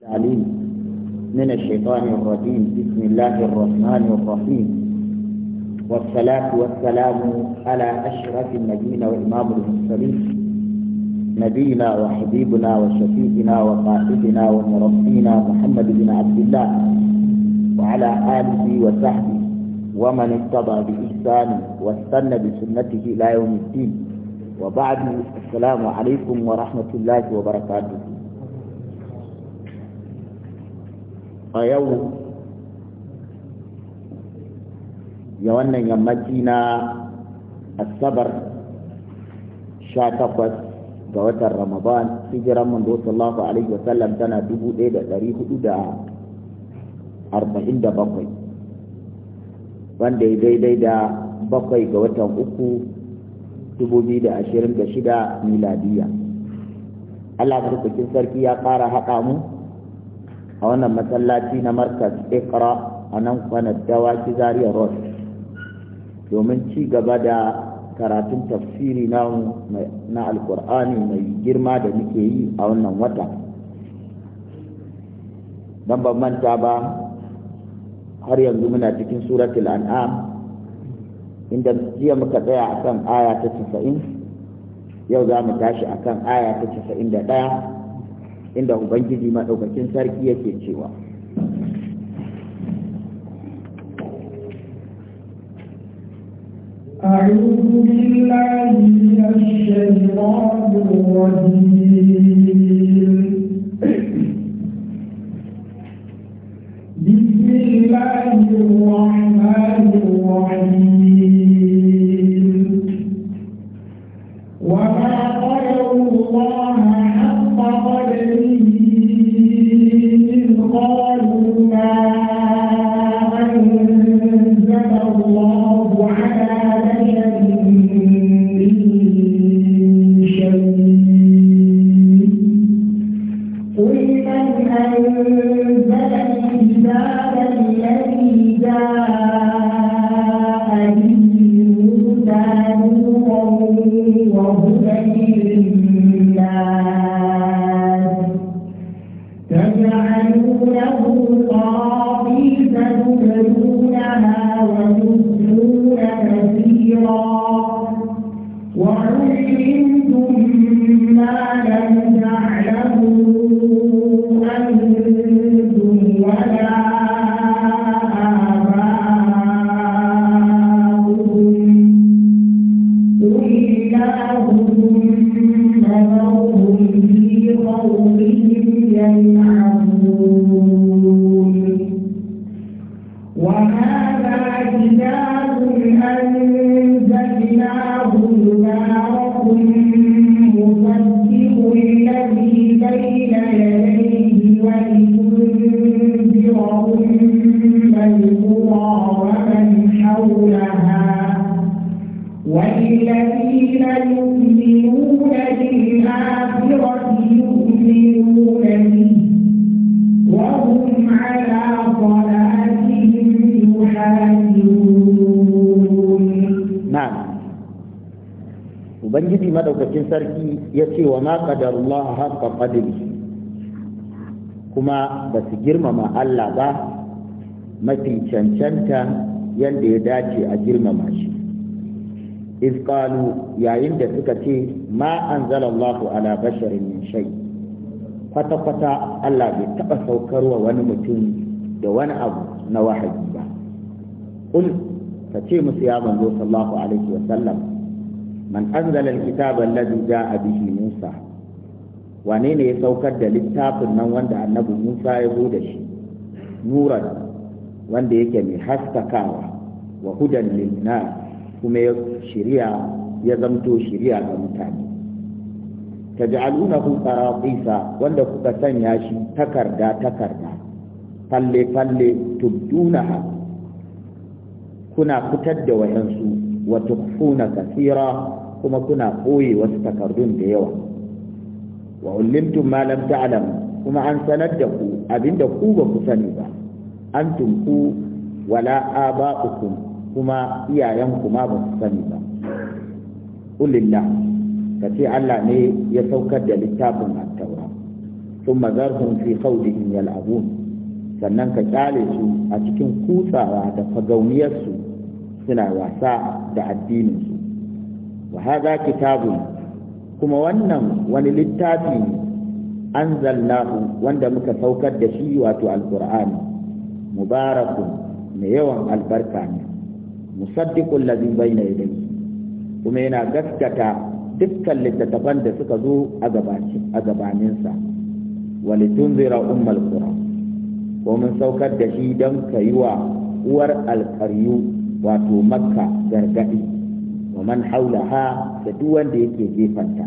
العليم من الشيطان الرجيم بسم الله الرحمن الرحيم والصلاة والسلام على أشرف النبيين وإمام المرسلين نبينا وحبيبنا وشفيعنا وقائدنا ومربينا محمد بن عبد الله وعلى آله وصحبه ومن اتبع بإحسانه واستنى بسنته إلى يوم الدين وبعد السلام عليكم ورحمة الله وبركاته a yau ya wannan yammaci na asabar sha takwas ga watan ramadan hijiran manzo sallallahu alaihi wasallam tana dubu ɗaya da ɗari hudu da arba'in da bakwai wanda ya daidai da bakwai ga watan uku dubu biyu da ashirin da shida miladiya allah sarkukin sarki ya ƙara haɗa mu a wannan masallaci na markas ikra a nan kwanar dawaki zariya road domin ci gaba da karatun tafsiri na alkur'ani mai girma da muke yi a wannan wata don ban manta ba har yanzu muna cikin suratul an'am inda jiya muka tsaya akan aya ta 90 yau za mu tashi akan aya ta 91 inda ubangiji maɗaukakin sarki yake cewa أعوذ بالله من الشيطان الرجيم ubangiji madaukakin sarki ya ce wa ma qadarullah haqqa qadri kuma ba su girmama Allah ba mafi cancanta yadda ya dace a girmama shi qalu yayin da suka ce ma anzalallahu ala basharin min shay kwata kwata Allah bai taba saukarwa wani mutum da wani abu na wahayi ba ka ce musu ya manzo sallallahu alaihi wa sallam man anzala alkitaba alladhi jaa bihi Musa wane ne ya saukar da littafin nan wanda annabi Musa ya zo da shi nuran wanda yake mai haskakawa wa hudan linnas kuma ya shirya ya zamto shiriya ga mutane taj'alunahu qaratisa wanda kuka sanya shi takarda takarda falle falle tubdunaha kuna fitar da wayansu wa tukhfuna kathira kuma kuna koye wasu takardun da yawa wa ullimtum ma lam ta'lamu kuma an sanar da ku abinda ku ba ku sani ba antum ku wala aba'ukum kuma iyayen ku ma ba ku sani ba ulillah ka ce Allah ne ya saukar da littafin at-taura thumma zarhum fi khawdihim yal'abun sannan ka kyale su a cikin kutsawa da fagauniyarsu suna wasa da addininsu wa haza kitabun kuma wannan wani littafi ne anzalnahu wanda muka saukar da shi wato alqur'ani mubarakun mai yawan albarka ne musaddiqul ladhi bayna yadayhi kuma yana gaskata dukkan littattafan da suka zo a gabaninsa walitunzira ummal quran ko mun saukar da shi don ka yi wa uwar alkaryu wato makka gargaɗi wa man haulaha da duk wanda yake gefanta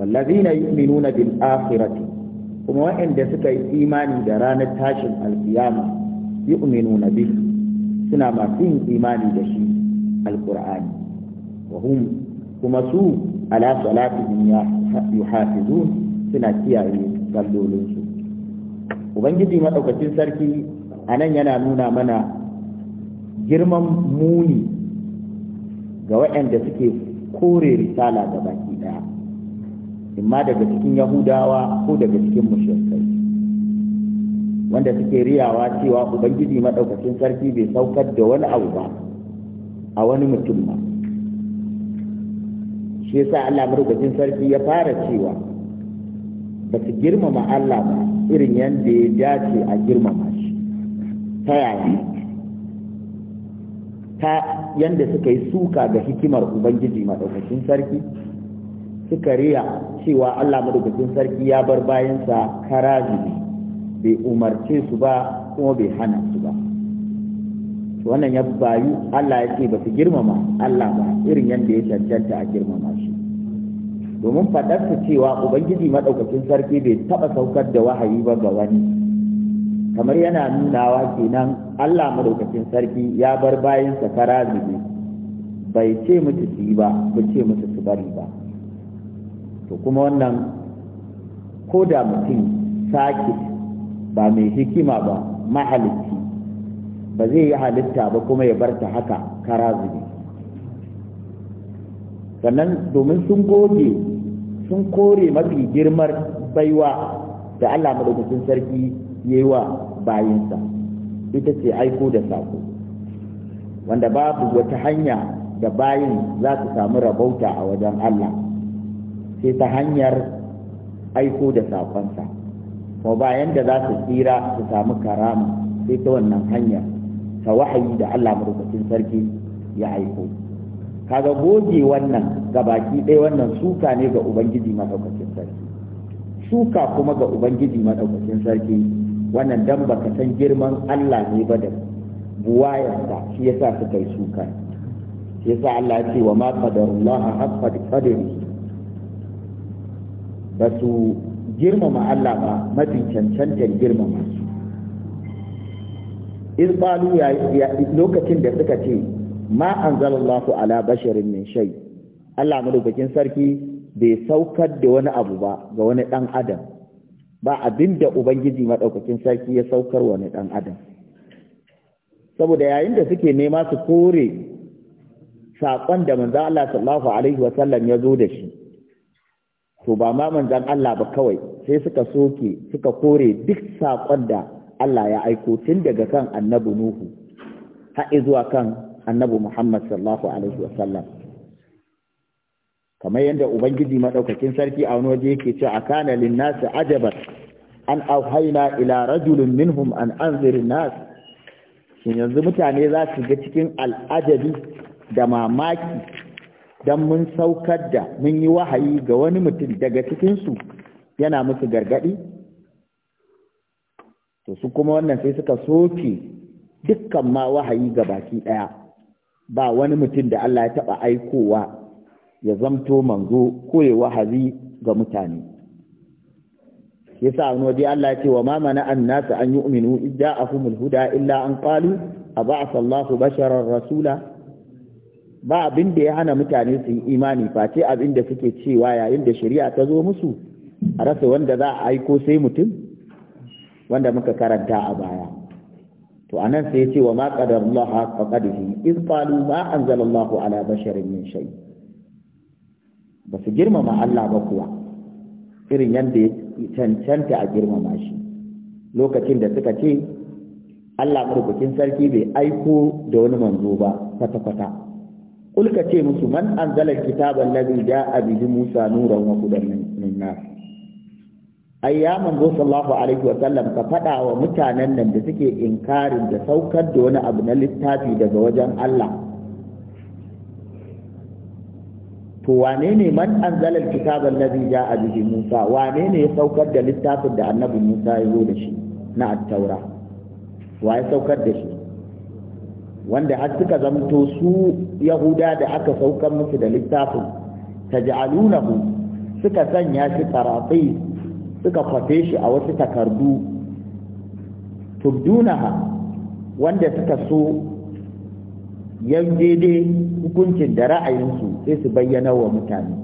wallazina yu'minuna bil akhirati kuma waɗanda suka yi imani da ranar tashin alkiyama yu'minuna bi suna masu yin imani da shi alqur'ani wa kuma su ala salatihim yuhafizun suna kiyaye sallolinsu ubangiji maɗaukacin sarki anan yana nuna mana girman muni ga waɗanda suke kore risala ga baki ɗaya imma daga cikin yahudawa ko daga cikin mushrikai wanda suke riyawa cewa ubangiji maɗaukacin sarki bai saukar da wani abu ba a wani mutum ba shi yasa Allah maɗaukacin sarki ya fara cewa ba su girmama Allah ba irin yadda ya dace a girmama shi ta yaya ta yadda suka yi suka ga hikimar ubangiji maɗaukakin sarki suka riya cewa allah maɗaukakin sarki ya bar bayansa karazi bai umarce su ba kuma bai hana su ba wannan ya bayu allah ya ce ba su girmama allah ba irin yadda ya cancanta a girmama shi domin su cewa ubangiji maɗaukacin sarki bai taɓa saukar da wahayi ba ga wani kamar yana nunawa kenan allah maɗaukacin sarki ya bar bayansa zube bai ce musu su yi ba ba ce musu su bari ba to kuma wannan ko da mutum sake ba mai hikima ba mahalicci ba zai yi halitta ba kuma ya bar ta haka kara zube sannan domin sun goge sun kore mafi girmar baiwa da Allah madaukakin sarki yayi wa bayinsa ita ce aiko da sako wanda babu wata hanya da bayin za su samu rabauta a wajen Allah sai ta hanyar aiko da sakonsa ko bayan da za su tsira su samu karama sai ta wannan hanyar ta wahayi da Allah madaukakin sarki ya aiko kaga goge wannan ga baki ɗaya wannan suka ne ga ubangiji madaukakin sarki suka kuma ga ubangiji madaukakin sarki wannan dan baka san girman Allah ne ba da buwayarsa shi yasa suka yi suka shi yasa Allah ya ce wa ma qadarullah haqqa qadri ba su girmama Allah ba mafi cancantar girmama su in lokacin da suka ce ma anzalallahu ala basharin min shay Allah madaukakin sarki bai saukar da wani abu ba ga wani dan adam ba abin ubangiji madaukakin sarki ya saukar wani dan adam saboda yayin da suke nema su kore saƙon da manzan Allah sallallahu alaihi wasallam ya zo da shi to ba ma manzan Allah ba kawai sai suka soke suka kore duk saƙon da Allah ya aiko tun daga kan annabi Nuhu har zuwa kan annabi Muhammad sallallahu alaihi wasallam kamar yadda ubangiji madaukakin sarki a wani waje yake cewa kana linnasi ajaban an auhaina ila rajulin minhum an anzirin nas shin yanzu mutane za su ga cikin al'ajabi da mamaki don mun saukar da mun yi wahayi ga wani mutum daga cikinsu yana musu gargaɗi to su kuma wannan sai suka soke dukkan ma wahayi ga baki ɗaya ba wani mutum da Allah ya taɓa aikowa ya zamto manzo ko ya wahazi ga mutane yasa wani waje Allah ya ce wa ma mana annasa an yu'minu idda ahumul huda illa an qalu aba'atha Allahu basharar rasula ba abin da ya hana mutane su yi imani face abin da suke cewa yayin da shari'a ta zo musu a rasa wanda za a aiko sai mutum wanda muka karanta a baya to anan sai yace wa ma qadarallahu haqqa qadrihi iz qalu ma anzalallahu ala basharin min shay ba su girmama Allah ba kuwa irin yanda ya cancanta a girmama shi lokacin da suka ce Allah madaukakin sarki bai aiko da wani manzo ba kwata-kwata kulka ce musu man anzala kitaban ladhi ja'a bihi Musa nuran wa hudan min nas ai ya manzo sallallahu alaihi wa sallam ka faɗa wa mutanen nan da suke inkarin da saukar da wani abu na littafi daga wajen Allah to wane ne man anzalal kitab allazi ja'a bihi Musa wane ne ya saukar da littafin da annabi Musa ya zo da shi na at-taura wa ya saukar da shi wanda har suka zamto su yahuda da aka saukar musu da littafin taj'alunahu suka sanya shi tarafi suka kwafe shi a wasu takardu tubdunaha wanda suka so yan daidai hukuncin da ra'ayinsu sai su bayyana wa mutane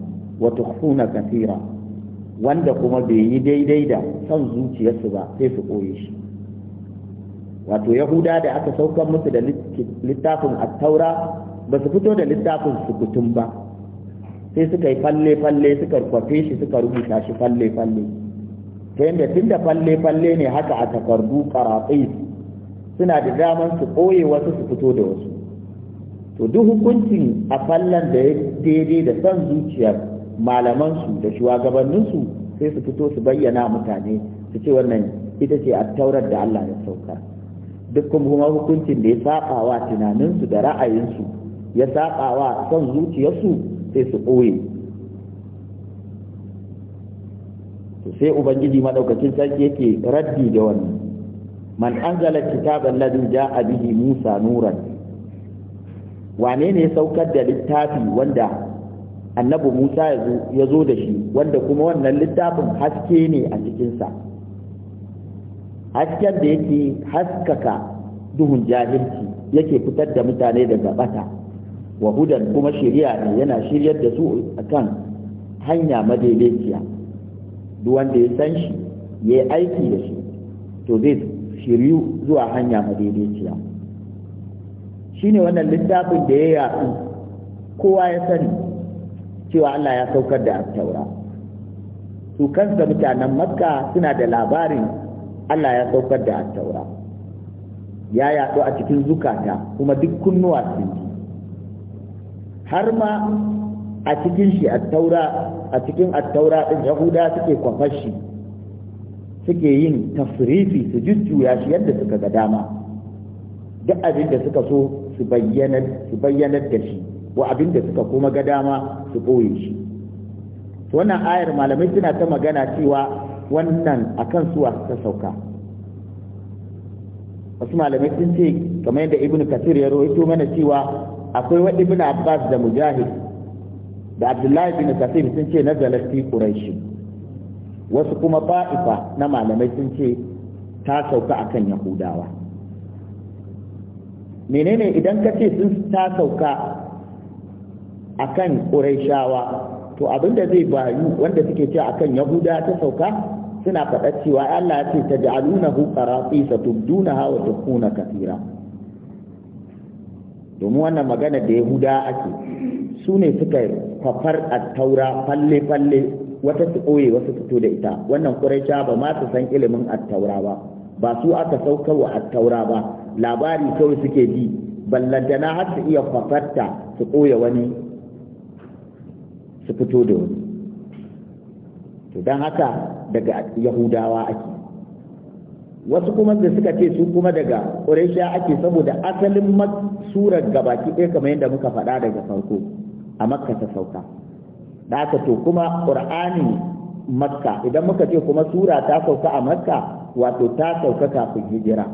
wa tukhfuna kathira wanda kuma bai yi daidai da son zuciyarsu ba sai su koye shi wato yahuda da aka saukar musu da littafin attaura ba su fito da littafin sukutun ba sai suka yi falle-falle suka kwafe shi suka rubuta shi falle-falle ta yadda tun da falle-falle ne haka a takardu karatsai suna da damar su ɓoye wasu su fito da wasu to duk hukuncin a fallan da ya daidai da son zuciyar malamansu da shugabanninsu sai su fito su bayyana mutane su ce wannan ita ce a taurar da Allah ya sauka Duk kuma hukuncin da ya saba wa tunaninsu da ra'ayinsu ya saba wa son zuciyarsu sai su ɓoye sai ubangiji madaukakin sarki yake raddi da wannan man anzala kitaban ladhi ja'a bihi musa nuran wane ne saukar da littafi wanda annabi musa ya zo da shi wanda kuma wannan littafin haske ne a cikinsa hasken da yake haskaka duhun jahilci yake fitar da mutane daga bata wa hudan kuma shirya ne yana shiryar da su akan hanya madaidaiciya duk wanda ya san shi ya yi aiki da shi to zai shiryu zuwa hanya madaidaiciya shi ne wannan littafin da ya yi kowa ya sani cewa Allah ya saukar da taura su kansa mutanen makka suna da labarin Allah ya saukar da taura ya yaɗu a cikin zukata kuma duk kunnuwa sun ji har ma a cikin shi attaura a cikin attaura din yahuda suke kwafar suke yin tafrifi su jujjuya shi yadda suka ga dama duk abin da suka so su bayyana su bayyanar da shi wa abin da suka kuma ga dama su boye shi wannan ayar malamai suna ta magana cewa wannan akan suwa ta sauka wasu malamai sun ce kamar yadda ibnu kasir ya rawaito mana cewa akwai wa ibnu abbas da mujahid da abdullahi bin kasir sun ce nazalar fi Quraysh wasu kuma ba'ifa na malamai sun ce ta sauka akan yahudawa menene idan ka ce sun ta sauka akan quraishawa to abin da zai bayu wanda suke ce akan yahuda ta sauka suna faɗa cewa Allah ya ce taj'alunahu qarafi tubdunaha wa tukuna kathira domin wannan magana da yahuda ake su ne suka fafar attaura falle falle wata su ɓoye wasu fito da ita wannan quraisha ba ma su san ilimin attaura ba ba su aka saukarwa attaura ba labari kawai suke ji ballantana har su iya fafarta su ɓoye wani su fito da wani to don haka daga yahudawa ake wasu kuma da suka ce su kuma daga ƙuraisha ake saboda asalin surar gabaki ɗaya kamar yadda muka faɗa daga farko a makka ta sauka da aka to kuma ƙur'ani makka idan muka ce kuma sura ta sauka a makka wato ta sauka kafin hijira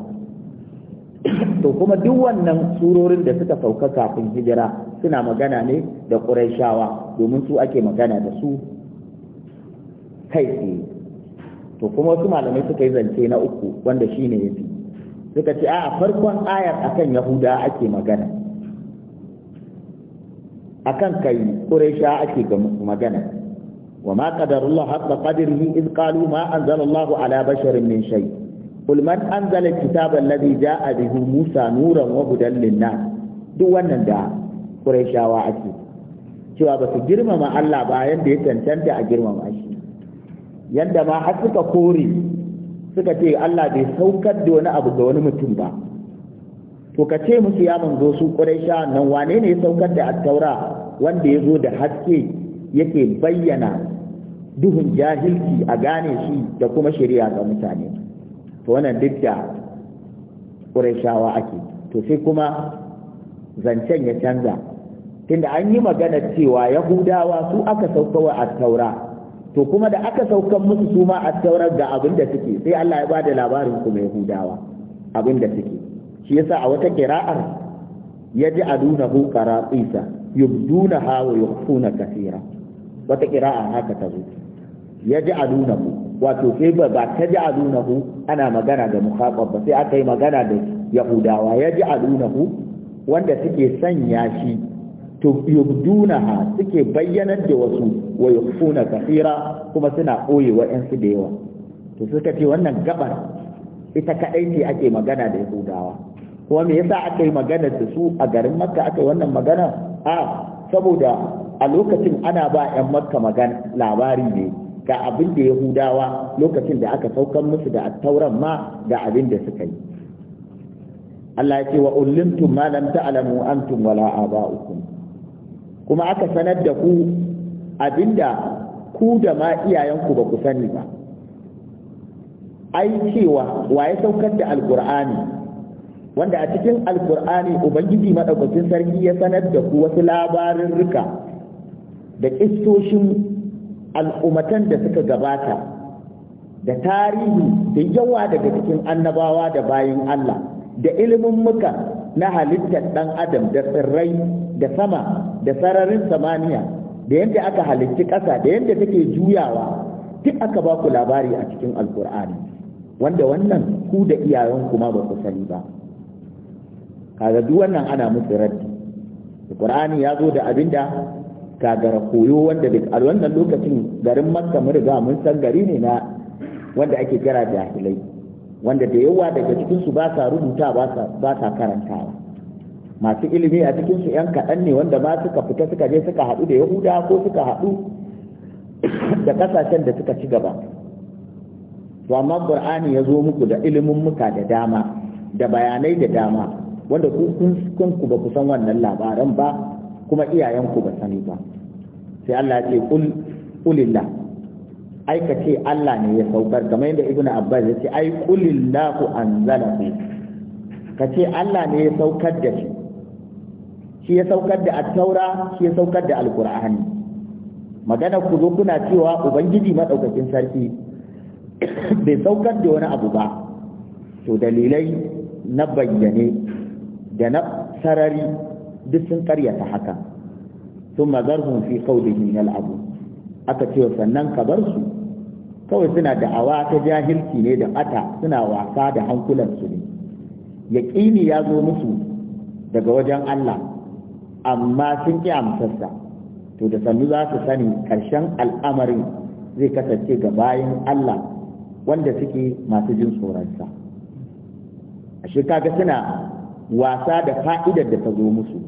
to kuma duk wannan surorin da suka sauka kafin hijira suna magana ne da ƙuraishawa domin su ake magana da su kai tsaye to kuma wasu malamai suka yi zance na uku wanda shine yafi suka ce a farkon ayar akan yahuda ake magana akan kai quraisha ake magana wa ma qadarullahu haqqa qadrihi iz qalu ma anzalallahu ala basharin min shay qul man anzala alkitaba alladhi jaa bihi musa nuran wa hudan linnas duk wannan da quraishawa ake cewa ba su girmama Allah ba yanda ya cancanta a girmama shi yanda ma har suka kore suka ce Allah bai saukar da wani abu ga wani mutum ba to ka ce musu ya manzo su ƙuraisha nan wane ne ya saukar da attaura wanda ya zo da haske yake bayyana duhun jahilci a gane shi da kuma shari'a ga mutane to wannan duk da ƙuraishawa ake to sai kuma zancen ya canza tunda an yi magana cewa yahudawa su aka sauka wa attaura? to kuma da aka saukan musu su ma ga abin da suke sai Allah ya bada labarin kuma Yahudawa abin da suke shi yasa a wata kira'ar ya ji adunahu yubduna ha wa yukhfuna kathira wata kira'a haka ta zo ya ji hu wato sai ba ta ji hu ana magana da mukhatab ba sai aka yi magana da yahudawa ya ji hu wanda suke sanya shi to ha suke bayyanar da wasu wa yukhfuna kathira kuma suna koyewa 'yansu da yawa to suka ce wannan gabar ita kaɗai ce ake magana da yahudawa kuma me yasa aka yi magana da su a garin makka aka yi wannan magana a saboda a lokacin ana ba 'yan makka magana labari ne ga abin da yahudawa lokacin da aka saukan musu da attauran ma da abin da suka yi Allah ya ce wa ullimtum ma lam ta'lamu antum wala aba'ukum kuma aka sanar da ku abinda ku da ma iyayenku ba ku sani ba ai cewa wa ya saukar da alkur'ani wanda a cikin alkur'ani ubangiji madaukakin sarki ya sanar da ku wasu labarin rika da kistoshin al'ummatan da suka gabata da tarihi da yawa daga cikin annabawa da bayin Allah da ilimin muka na halittar ɗan adam da tsirrai da sama da sararin samaniya da yadda aka halicci ƙasa da yadda take juyawa duk aka ba ku labari a cikin alkur'ani wanda wannan ku da iyayenku ma ba ku sani ba kaga duk wannan ana musu raddi qur'ani ya zo da abinda kagara koyo wanda a wannan lokacin garin makka mun riga mun san gari ne na wanda ake kira jahilai wanda da yawa daga cikin su ba sa rubuta ba sa karantawa masu ilimi a cikin su yan kaɗan ne wanda ma suka fita suka je suka haɗu da yahuda ko suka haɗu da ƙasashen da suka ci gaba to amma qur'ani ya zo muku da ilimin muka da dama da bayanai da dama wanda ku kun ku ba ku san wannan labaran ba kuma iyayenku ba sani ba sai Allah ya ce kul kulillah ai ka ce Allah ne ya saukar kamar yadda ibnu abbas ya ce ai kulillahu anzalahu ka ce Allah ne ya saukar da shi shi ya saukar da attaura shi ya saukar da Al-ƙur'ani. al-qur'ani magana ku zo kuna cewa ubangiji madaukakin sarki bai saukar da wani abu ba to dalilai na bayyane da na sarari duk sun karyata haka sun mazarhun fi kaudihin abu aka ce sannan ka bar su kawai suna da'awa ta jahilci ne da ata suna wasa da hankulansu ne yaƙini ya zo musu daga wajen Allah amma sun ƙi amsarsa to da sannu za su sani ƙarshen al'amarin zai kasance ga bayan Allah wanda suke masu jin tsoronsa A kaga suna wasa da fa'idar da ta zo musu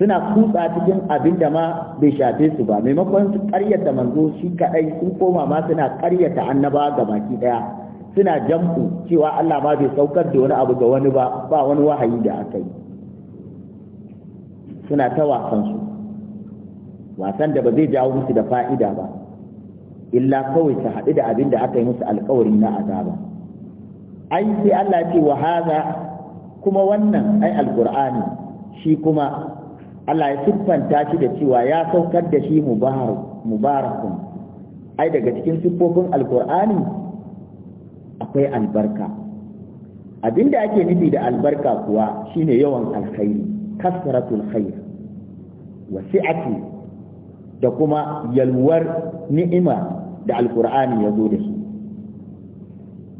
suna kutsa cikin abin da ma bai shafe su ba maimakon su karyata manzo shi kaɗai, sun koma ma suna karyata annaba ga baki ɗaya. suna jam'u cewa Allah ma bai saukar da wani abu ga wani ba ba wani wahayi da aka yi suna ta wasan su wasan da ba zai jawo musu da fa'ida ba illa kawai su haɗu da abin da aka yi musu alkawari na azaba ai sai Allah ce wa haza kuma wannan ai alqur'ani shi kuma Allah ya siffanta shi da cewa ya saukar da shi mubarakun ai daga cikin siffofin alqur'ani akwai albarka abinda ake nufi da albarka kuwa shine yawan alkhairi kasratul khair wasi'atu da kuma yalwar ni'ima da alkur'ani ya zo da shi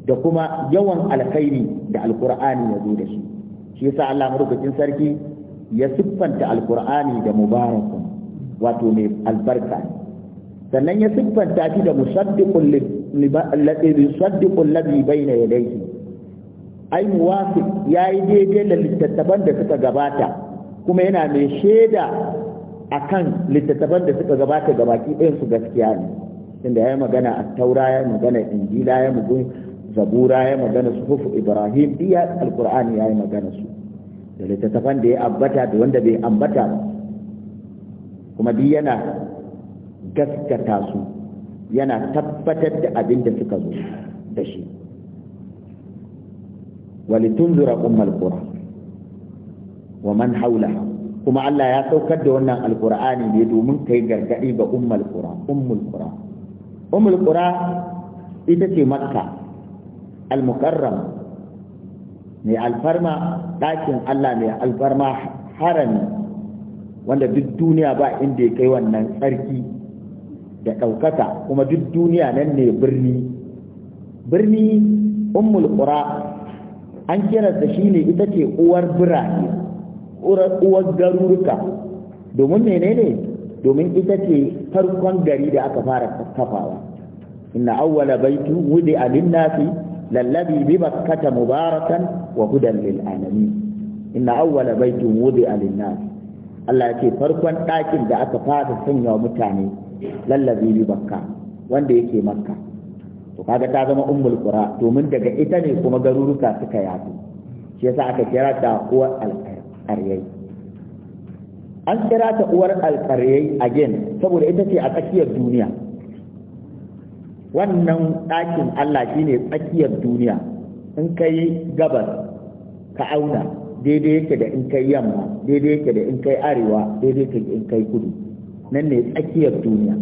da kuma yawan alkhairi da alkur'ani ya zo da shi shi yasa Allah madaukakin sarki ya siffanta alkur'ani da mubarakun wato mai albarka sannan ya siffanta shi da musaddiqul ladhi bayna yadayhi ai muwafiq yayi daidai da littattafan da suka gabata kuma yana mai shaida akan littattafan da suka gabata gabaki ɗayan su gaskiya ne Inda ya magana a taura ya magana injila ya magana zabura ya magana suhufu ibrahim iya alkur'ani ya yi magana su da littattafan da ya ambata da wanda bai ambata ba kuma duk yana gaskata su yana tabbatar da abin da suka zo da shi zura ummul qura wa man haula. kuma Allah ya saukar da wannan alkur'ani ne domin kai gargadi ga ummul qura ummul qura ummul qura ita ce makka al-mukarram mai alfarma ɗakin Allah mai alfarma harami wanda duk duniya ba inda ya kai wannan tsarki da ɗaukata. kuma duk duniya nan ne birni birni ummul qura an kira ta shine ita ce uwar birane uwar garuruka domin menene domin ita ce farkon gari da aka fara kafawa inna awwala baitu wudi alin nasi lallabi bi makkata mubarakan wa hudan lil alamin inna awwala baitu wudi alin nasi Allah ce farkon ɗakin da aka fara sanya mutane lallabi bi makka wanda yake makka to kaga ta zama ummul qura domin daga ita ne kuma garuruka suka yafi shi yasa aka kira ta uwar alƙari alƙaryai an kira ta uwar alƙaryai again saboda ita ce a tsakiyar duniya wannan ɗakin Allah shine tsakiyar duniya in kai gabas ka auna daidai yake da in kai yamma daidai yake da in kai arewa daidai yake da in kai kudu nan ne tsakiyar duniya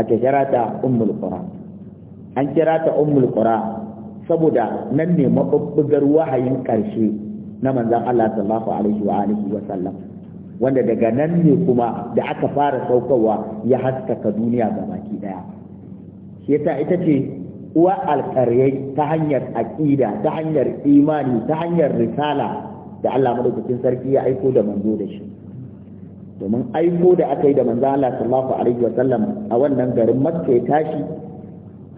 a kira ta ummul qura an kira ta ummul qura saboda nan ne mabubbugar wahayin ƙarshe na manzan Allah sallallahu alaihi wa alihi wa sallam wanda daga nan ne kuma da aka fara saukawa ya haskaka duniya gabaki daya shi yasa ita ce uwa alƙaryai ta hanyar aƙida ta hanyar imani ta hanyar risala da Allah madaukakin sarki ya aiko da manzo da shi domin aiko da aka yi da manzan Allah sallallahu alaihi wa sallam a wannan garin Makka ya tashi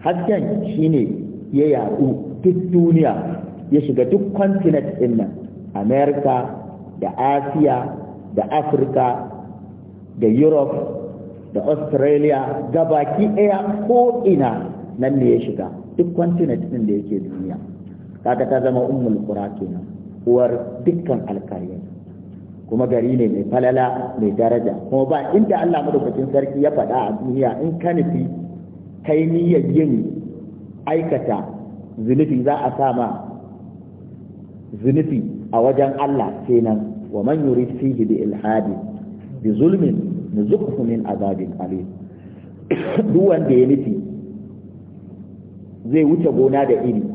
hasken shine ya yaɗu duk duniya ya shiga duk continent din nan Amerika da asiya da afirka da europe da australia ga baki ɗaya ko ina nan ne ya shiga duk continent ɗin da yake duniya kaga ta zama ummul qura kenan uwar dukkan alkariyar kuma gari ne mai falala mai daraja kuma ba inda Allah madaukakin sarki ya faɗa a duniya in ka nufi kai niyyar yin aikata zunubi za a sama zunubi a wajen Allah kenan wa man yurid fihi bi ilhadi bi zulmin nuzukhu min azabin alim duk wanda ya nufi zai wuce gona da iri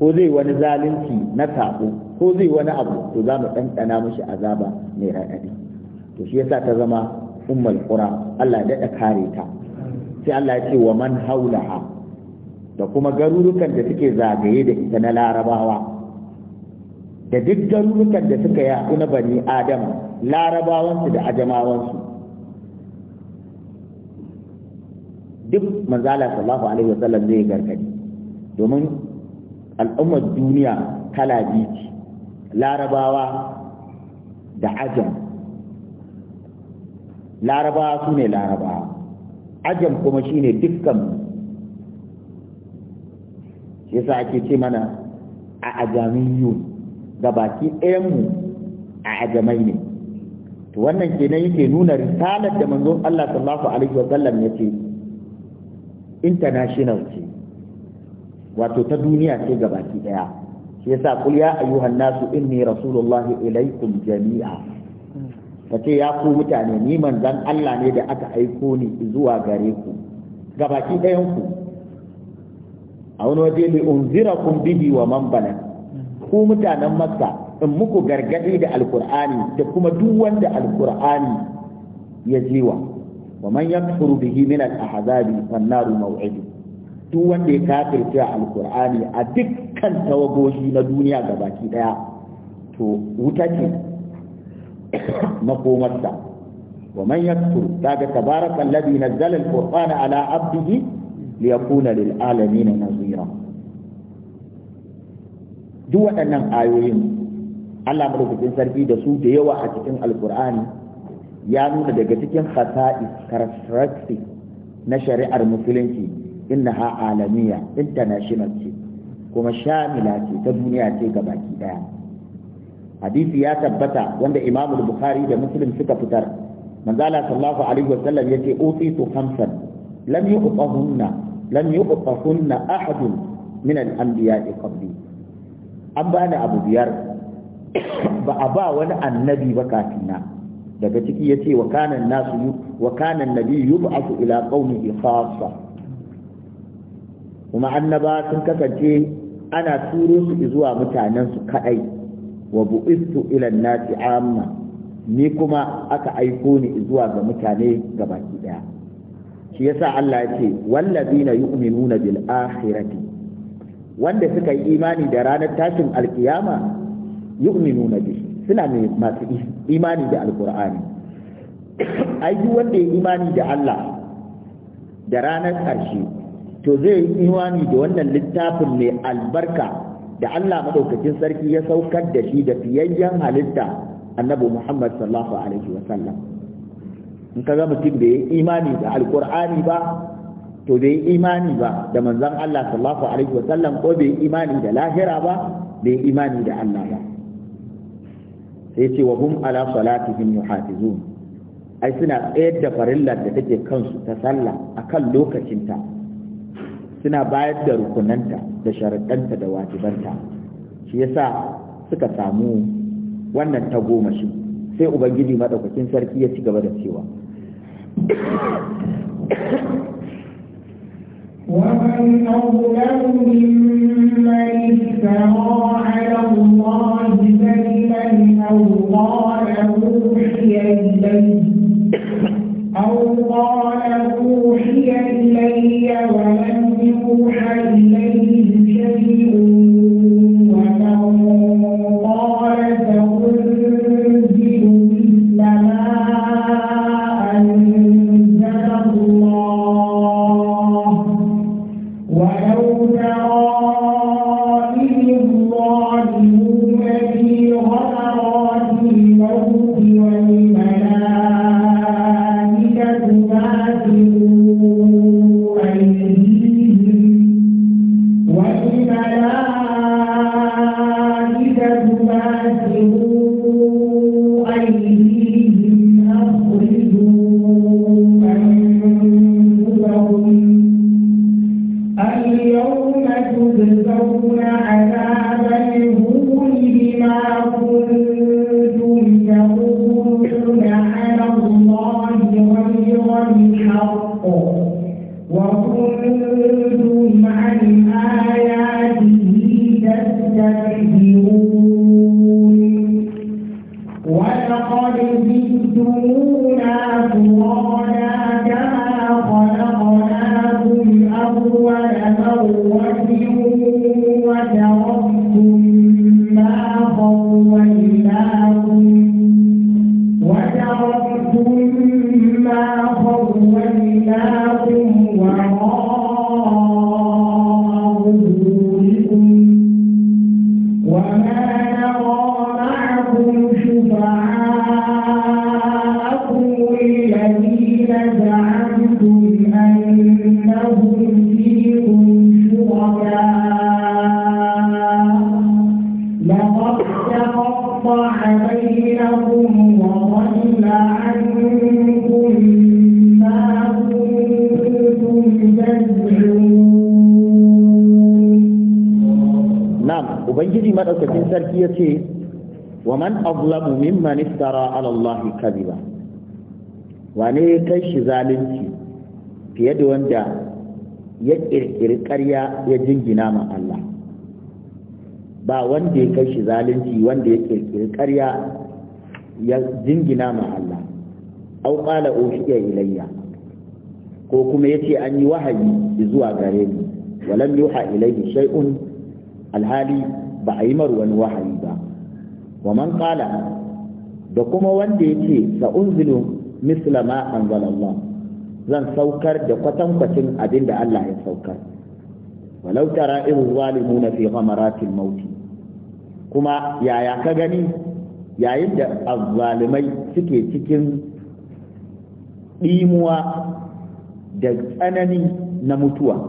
ko zai wani zalunci na sako ko zai wani abu to za mu ɗanɗana mashi azaba mai raɗaɗi to shi yasa ta zama ummul qura Allah daɗa kare ta sai Allah ya ce wa man haulaha da kuma garurukan da suke zagaye da ita na larabawa da duk garurukan da suka yaɗu na bani adam larabawansu da ajamawansu duk manzala sallallahu alaihi wasallam zai gargadi domin al'ummar duniya kala biyu larabawa da ajam larabawa su ne larabawa ajam kuma shine dukkan yasa ake ce mana a ajamiyun gabaki ɗayanmu a ajamai ne to wannan kenan yake nuna risalar da manzon Allah sallallahu alaihi wa sallam ya ce international ce wato ta duniya ce gabaki ɗaya shi yasa kul ya ayyuhan nasu inni rasulullahi ilaikum jami'a ce ya ku mutane ni manzon Allah ne da aka aiko ni zuwa gare ku gabaki ɗayan ku a wani waje li unzirakum bihi wa man balagha ku mutanen makka in muku gargadi da alkur'ani da kuma duk wanda alkur'ani ya jiwa wa man yakfuru bihi min al-ahzabi fan naru maw'idu duk wanda ya kafirce alkur'ani a dukkan tawagoshi na duniya gabaki daya to wuta ce makomarsa wa man yakfur daga tabarakan alladhi nazzala al-qur'ana ala abdihi liyakuna lil alamin nazira duk waɗannan ayoyin Allah madaukakin sarki da su da yawa a cikin alkur'ani ya nuna daga cikin khasa'is characteristics na shari'ar musulunci innaha alamiya international ce kuma shamila ce ta duniya ce ga baki daya hadisi ya tabbata wanda imamu bukhari da muslim suka fitar manzala sallallahu alaihi wasallam yace utitu khamsan lam yuqtahunna lam yuqtahunna ahadun min al-anbiya'i qabli an bani abu biyar ba a ba wani annabi ba kafina daga ciki ya ce wa kanan nasu wa kanan nabi yub'athu ila qaumihi khassa kuma annaba sun kasance ana turo su zuwa mutanen su kadai wa bu'istu ila nasi amma ni kuma aka aiko ni zuwa ga mutane gabaki daya shi yasa Allah ya ce wallazina yu'minuna bil akhirati wanda suka yi imani da ranar tashin alkiyama yu'minu na bi suna mai masu imani da alkur'ani ai duk wanda ya imani da Allah da ranar ƙarshe to zai yi imani da wannan littafin mai albarka da Allah madaukakin sarki ya saukar da shi da fiyayyen halitta annabi Muhammad sallallahu alaihi Sallam. in ka ga mutum bai yi imani da alkur'ani ba to bai imani ba da manzon Allah sallallahu alaihi wa sallam ko bai imani da lahira ba bai imani da Allah ba sai ce wa hum ala salatihim yuhafizun ai suna tsayar da farillar da take kansu ta sallah akan lokacinta suna bayar da rukunanta da sharaɗanta da wajibanta shi yasa suka samu wannan tagomashi sai ubangiji madaukakin sarki ya ci gaba da cewa ومن أظلم ممن افترى على الله كذبا أو قال أوحي إلي ولم يوحى إليه شيء ubangiji madaukakin sarki yace wa man azlamu mimman iftara ala allahi kadhiba wane kai shi zalunci fiye da wanda ya kirkiri ƙarya ya jingina ma Allah ba wanda ya kai shi zalunci wanda ya kirkiri ƙarya ya jingina ma Allah au qala ushiya ilayya ko kuma yace an yi wahayi zuwa gare ni walam yuha ilayhi shay'un alhali ba a yi mar wani wahayi ba wa man da kuma wanda ya ce unzilu misla ma Allah zan saukar da kwatankwacin abin da Allah ya saukar walau tara irin zalimuna fi ghamaratil mauti kuma yaya ka gani yayin da azzalimai suke cikin ɗimuwa da tsanani na mutuwa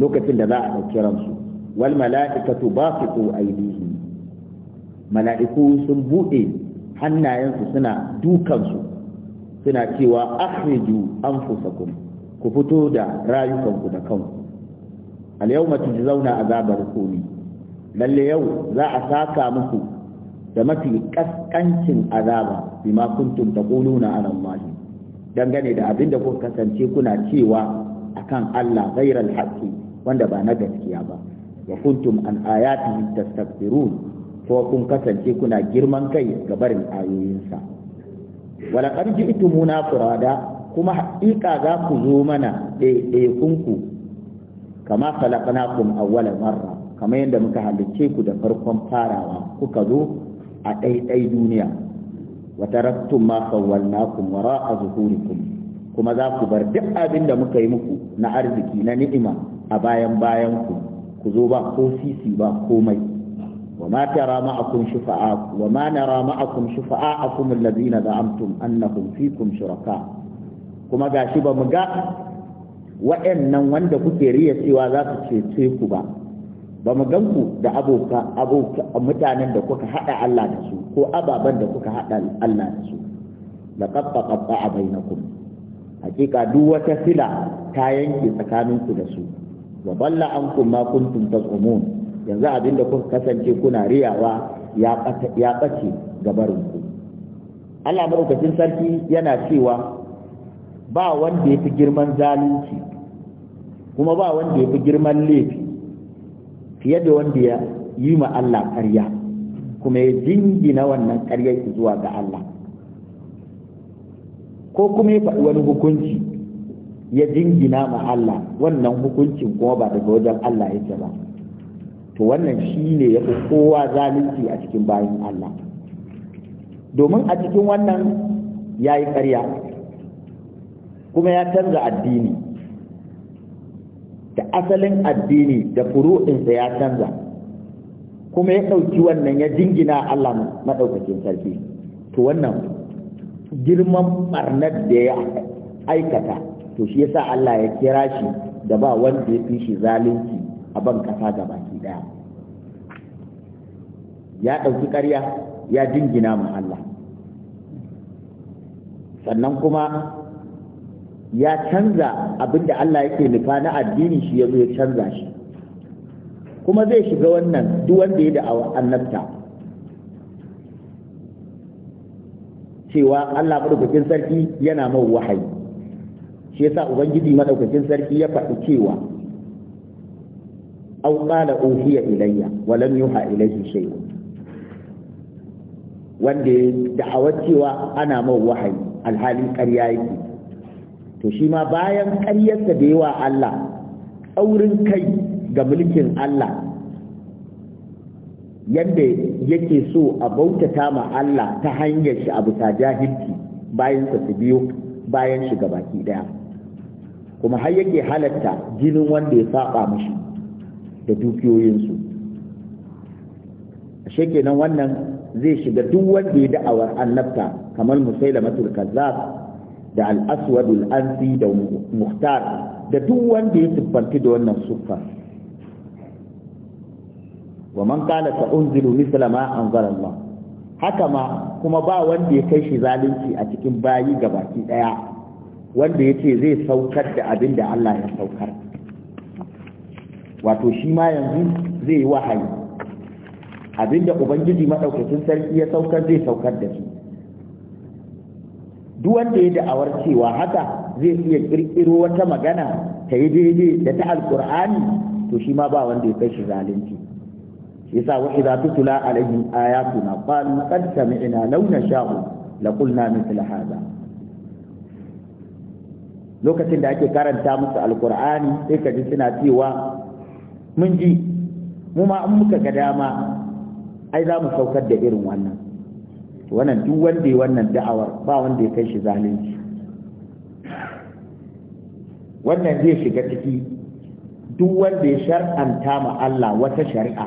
lokacin da za a ɗauki ransu wal mala'ikatu basitu aydihim mala'iku sun bude hannayensu suna dukansu suna cewa akhriju anfusakum ku fito da rayukanku da kanku al yawma tujzauna azabar kuni lalle yau za a saka muku da mafi kaskancin azaba bima kuntum taquluna ala Allah dangane da abin da kuka kasance kuna cewa akan Allah ghairal haqqi wanda ba na gaskiya ba wa kuntum an ayatihi tastakbirun ko kun kasance kuna girman kai ga barin ayoyinsa wala qad ji'tumuna furada kuma haƙiƙa za ku zo mana ku kama khalaqnakum awwala marra kama yadda muka halicce ku da farkon farawa kuka zo a ɗaiɗai duniya wa taraktum ma khawwalnakum wara'a zuhurikum kuma za ku bar duk abin da muka yi muku na arziki na ni'ima a bayan bayan ku ku zo ba ko sisi ba komai wa ma tara ma'akum shufa'a wa ma nara ma'akum shufa'akum allazina za'amtum annahum fikum shuraka kuma gashi ba mu ga wa'annan wanda kuke riya cewa za su ce ku ba ba mu gan ku da aboka aboka mutanen da kuka hada Allah da su ko ababan da kuka hada Allah da su laqad taqatta'a bainakum hakika duk wata fila ta yanke tsakaninku da su wa balla ankum ma kuntum tazumun yanzu abin da kun kasance kuna riyawa ya ɓace gabarin ku Allah maɗaukacin sarki yana cewa ba wanda ya fi girman zalunci kuma ba wanda ya fi girman laifi fiye da wanda ya yi ma Allah ƙarya kuma ya jingina wannan ƙaryar zuwa ga Allah ko kuma ya faɗi wani hukunci ya jingina ma Allah wannan hukuncin kuma ba daga wajen Allah yake ba to wannan shi ne ya fi kowa zalunci a cikin bayan Allah domin a cikin wannan ya yi ƙarya kuma ya canza addini da asalin addini da furu'insa ya canza kuma ya ɗauki wannan ya jingina Allah maɗaukacin sarki to wannan girman ɓarnar da ya aikata to shi yasa Allah ya kira shi da ba wanda ya fi shi zalunci a ban kasa ga baki daya ya ɗauki ƙarya ya dingina ma Allah sannan kuma ya canza abin da Allah yake nufa na addini shi ya zo ya canza shi kuma zai shiga wannan duk wanda ya da annabta cewa Allah madaukakin sarki yana mau wahayi shi yasa ubangiji madaukakin sarki ya faɗi cewa aw qala uhiya ilayya wa lam yuha ilayhi shay wanda da cewa ana mai wahayi alhalin ƙarya yake to shi ma bayan ƙaryarsa da yawa Allah tsaurin kai ga mulkin Allah yadda yake so a bautata ma Allah ta hanyar shi abu ta jahilci bayan sa su biyo bayan shi baki daya kuma har yake halatta jinin wanda ya saba mashi da dukiyoyinsu ashe kenan wannan zai shiga duk wanda ya da'awar annabta kamar musailamatul kazzab da al-aswadul ansi da muhtar da duk wanda ya siffanti da wannan suffa wa man qala fa unzilu mithla ma anzala Allah haka ma kuma ba wanda ya kai shi zalunci a cikin bayi gabaki daya wanda ya ce zai saukar da abin da Allah ya saukar wato shi ma yanzu zai yi wahayi abin da ubangiji maɗaukacin sarki ya saukar zai saukar da shi duk wanda ya da'awar cewa haka zai iya ƙirƙiro wata magana ta yi daidai da ta alƙur'ani to shi ma ba wanda ya kai shi zalunci yasa wa idza tutla alaihim ayatuna qalu qad sami'na law nasha'u laqulna mithla hadha lokacin da ake karanta musu alkur'ani sai ka ji suna cewa mun ji mu ma in muka ga dama ai za mu saukar da irin wannan wannan duk wanda ya wannan da'awar ba wanda ya kai shi zalunci wannan zai shiga ciki duk wanda ya shar'anta ma Allah wata shari'a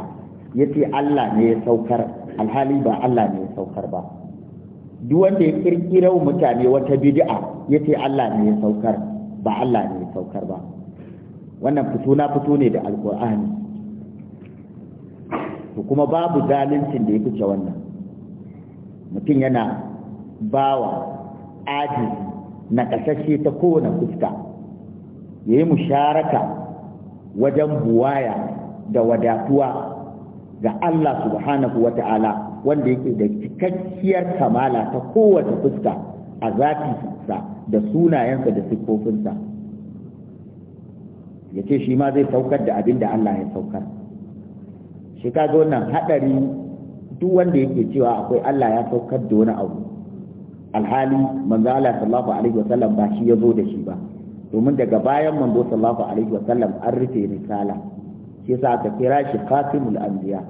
ya ce Allah ne ya saukar alhali ba Allah ne ya saukar ba duk wanda ya kirkira mutane wata bid'a ya ce Allah ne ya saukar ba Allah ne ya saukar ba wannan fito na fito ne da alkur'ani to kuma babu zaluncin da ya fice wannan mutum yana bawa aji na kasashe ta kowane fuska ya yi musharaka wajen buwaya da wadatuwa ga Allah subhanahu wa ta'ala wanda yake da cikakkiyar kamala ta kowace fuska a zafi sa da sunayensa da siffofinsa ya ce shi ma zai saukar da abin da Allah ya saukar shi ka zo nan haɗari duk wanda yake cewa akwai Allah ya saukar da wani abu alhali manzo Allah sallallahu alaihi wasallam ba shi yazo da shi ba domin daga bayan manzo sallallahu alaihi wasallam an rufe risala shi yasa aka kira shi qatimul anbiya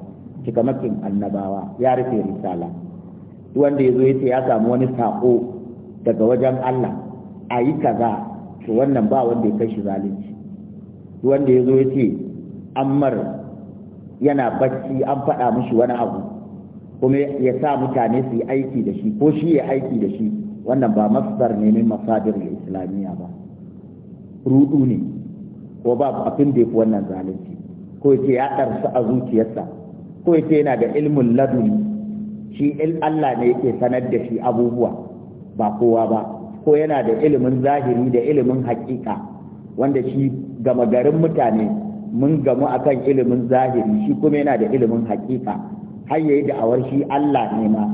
cikamakin annabawa ya rufe risala duk wanda ya zo ya ya samu wani sako daga wajen Allah a yi kaza to wannan ba wanda ya kashi zalunci wanda ya zo ya ce ammar yana bacci an faɗa mushi wani abu kuma ya sa mutane su yi aiki da shi ko shi ya aiki da shi wannan ba masar ne min masadir islamiyya ba rudu ne ko ba abin da fi wannan zalunci ko ce ya ɗarsu a zuciyarsa ko ce yana da ilmin laduni shi Allah ne yake sanar da shi abubuwa ba kowa ba ko yana da ilimin zahiri da ilimin haƙiƙa wanda shi gama garin mutane mun gamu akan ilimin zahiri shi kuma yana da ilimin haƙiƙa har yayi da'awar shi Allah ne ma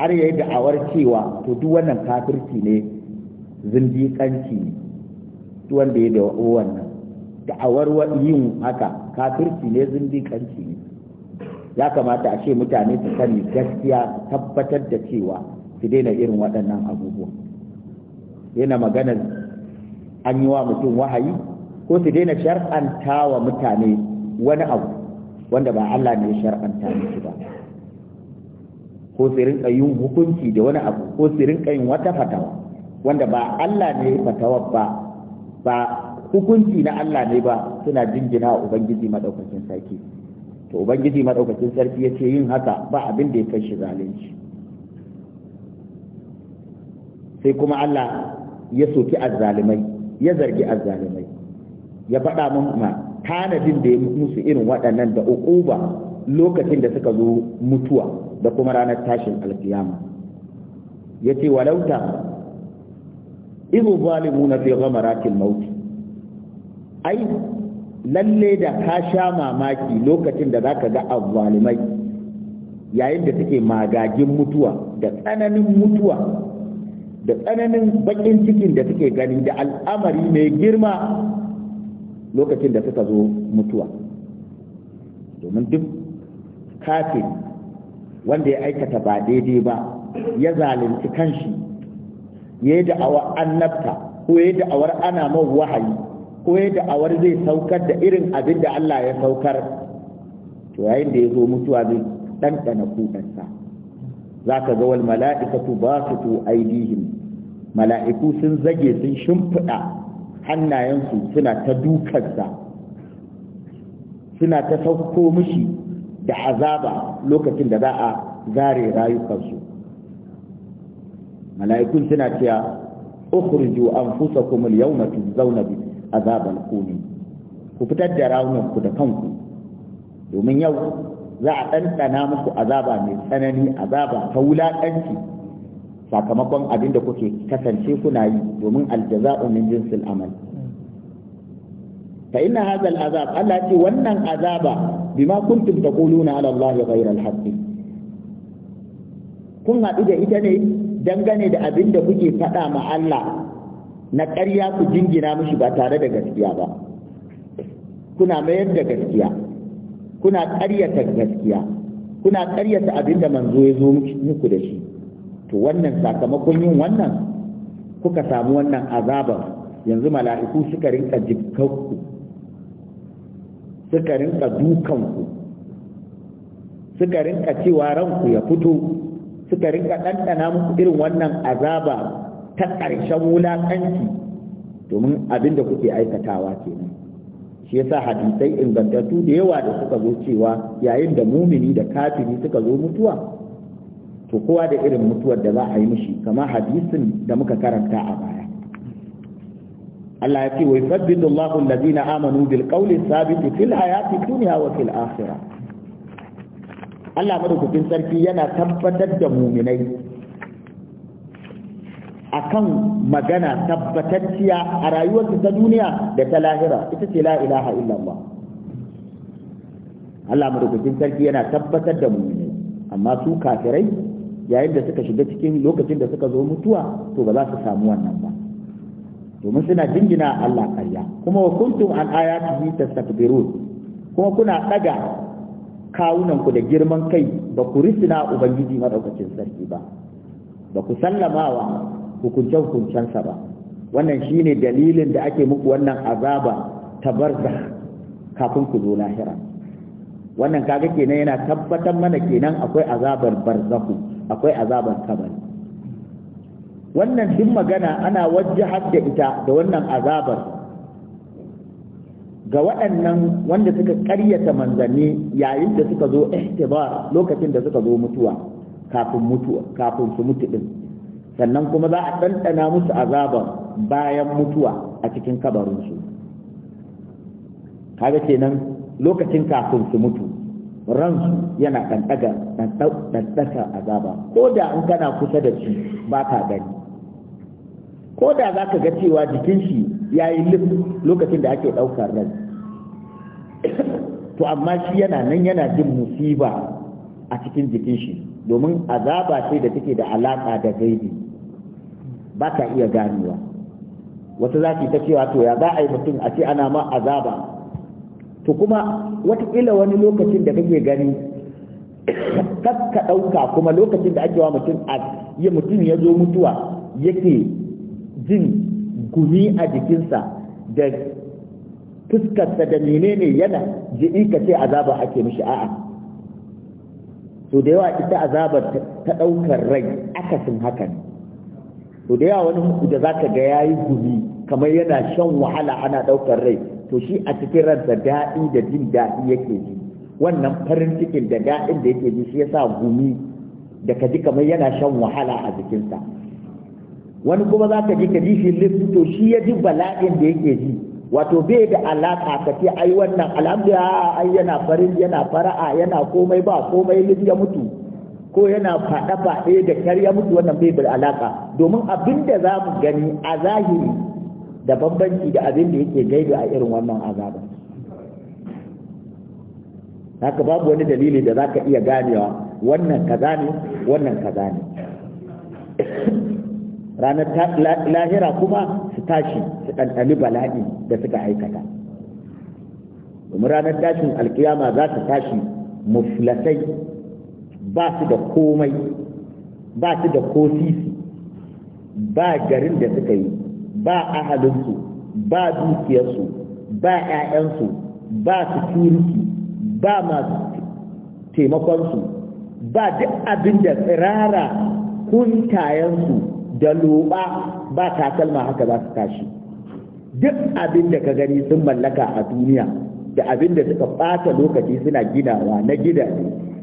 har yayi da'awar cewa to duk wannan kafirci ne zindiƙanci ne duk wanda ya da wannan da'awar yin haka kafirci ne zindiƙanci ne ya kamata a ce mutane su sani gaskiya tabbatar da cewa su daina irin waɗannan abubuwan yana maganar an yi wa mutum wahayi ko su daina shar'anta wa mutane wani abu wanda ba Allah ne ya shar'anta musu ba ko su rinka yin hukunci da wani abu ko su rinka yin wata fatawa wanda ba Allah ne ya fatawa ba ba hukunci na Allah ne ba suna jingina wa ubangiji madaukakin sarki to ubangiji madaukakin sarki ya ce yin haka ba abin da ya kai shi zalunci sai kuma Allah ya soki azzalimai ya zargi azzalimai ya faɗa mun ma tanadin da ya musu irin waɗannan da uquba lokacin da suka zo mutuwa da kuma ranar tashin alkiyama yace walauta ibu zalimuna fi ghamaratil maut ai lalle da ka sha mamaki lokacin da zaka ga azzalimai yayin da suke magagin mutuwa da tsananin mutuwa da tsananin bakin cikin da suke gani da al'amari mai girma lokacin da suka zo mutuwa domin duk kafin wanda ya aikata ba daidai ba ya zalunci kanshi ya yi da'awar annabta ko ya yi da'awar ana man wahayi ko ya yi da'awar zai saukar da irin abin da Allah ya saukar to yayin da ya zo mutuwa zai ɗanɗana kuɗansa za ka ga wal mala'ikatu ba su tu aidihim mala'iku sun zage sun shimfiɗa hannayensu suna ta dukansa suna ta sauko mishi da azaba lokacin da za a zare rayukansu mala'ikun suna cewa ukhruju anfusakum al-yawma tujzauna bi azab al ku fitar da raunanku da kanku domin yau za a ɗanɗana muku azaba mai tsanani azaba ta wulaƙanci sakamakon abin da kuke kasance kuna yi domin aljaza'u min jinsil amal fa inna hadha al'azab Allah ce wannan azaba bima kuntum taquluna ala Allah ghayra al-haqq kun haɗu da ita ne dangane da abin da kuke faɗa ma Allah na ƙarya ku jingina mishi ba tare da gaskiya ba kuna mayar da gaskiya kuna ƙaryata gaskiya kuna ƙaryata abin da manzo ya zo muku da shi to wannan sakamakon yin wannan kuka samu wannan azabar yanzu mala'iku suka rinka jikkanku suka rinka dukanku suka rinka cewa ranku ya fito suka rinka ɗanɗana muku irin wannan azaba ta ƙarshen wulaƙanci domin abinda kuke aikatawa kenan shi yasa hadisai ingantattu da yawa da suka zo cewa yayin da mumini da kafiri suka zo mutuwa to kowa da irin mutuwar da za a yi mishi kama hadisin da muka karanta a baya Allah ya ce wa yusabbitu Allahu allazina amanu bil qawli thabit fil hayati dunya wa fil akhirah Allah madaukakin sarki yana tabbatar da muminai akan magana tabbatacciya a rayuwarsu ta duniya da ta lahira ita ce la ilaha illallah Allah madaukakin sarki yana tabbatar da muminai amma su kafirai yayin da suka shiga cikin lokacin da suka zo mutuwa to ba za su samu wannan ba domin suna jingina Allah karya kuma wa kuntum an ayatihi tastakbirun kuma kuna daga kawunan ku da girman kai ba ku risina ubangiji madaukakin sarki ba ba ku sallamawa hukunce hukuncensa ba wannan shine dalilin da ake muku wannan azaba ta barza kafin ku zo lahira wannan kaga kenan yana tabbatar mana kenan akwai azabar barzahu akwai azaban kabari wannan duk magana ana wajjahar da ita da wannan azabar ga waɗannan wanda suka ƙaryata manzanni yayin da suka zo ihtibar lokacin da suka zo mutuwa kafin mutuwa kafin su mutu din sannan kuma za a ɗanɗana musu azabar bayan mutuwa a cikin kabarinsu kaga kenan lokacin kafin su mutu ransu yana ɗanɗaka azaba ko da in kana kusa da shi ba ka gani ko da za ka ga cewa jikin shi ya yi lif lokacin da ake ɗaukar ran to amma shi yana nan yana jin musiba a cikin jikin shi domin azaba sai da take da alaƙa da gaibi ba ka iya ganewa wata za ta cewa to ya za a yi mutum a ce ana ma azaba to kuma watakila wani lokacin da kake gani kakka ɗauka kuma lokacin da ake wa mutum a yi mutum ya zo mutuwa yake jin gumi a jikinsa da fuskarsa da menene yana ji ka ce azaba ake mishi a'a so da yawa ita azaba ta ɗaukar rai akasin haka ne so da yawa wani da za ka ga ya yi gumi kamar yana shan wahala ana ɗaukar rai to shi a cikin ransa daɗi da jin daɗi yake ji wannan farin cikin da daɗin da yake ji shi yasa gumi da ka ji kamar yana shan wahala a jikinsa wani kuma za ka ji ka ji shi lift to shi ya ji bala'in da yake ji wato bai da alaƙa ka ce ai wannan alhamdulillah ai yana farin yana fara'a yana komai ba komai lift ya mutu ko yana faɗa faɗe da kyar ya mutu wannan bai da alaƙa domin abin da za mu gani a zahiri da bambanci da abin da yake gaido a irin wannan azaba haka babu wani dalili da za ka iya ganewa wannan kaza ne wannan kaza ne ranar lahira kuma su tashi su ɗanɗani bala'i da suka aikata domin ranar tashin alkiyama za su tashi muflasai ba su da komai ba su da kosisi ba garin da suka yi ba ahalinsu ba dukiyarsu ba 'ya'yansu ba security ba masu taimakonsu ba duk abin da tsirara kuntayensu da loba ba takalma haka za su tashi duk abin da ka gani sun mallaka a duniya da abin da suka ɓata lokaci suna ginawa na gida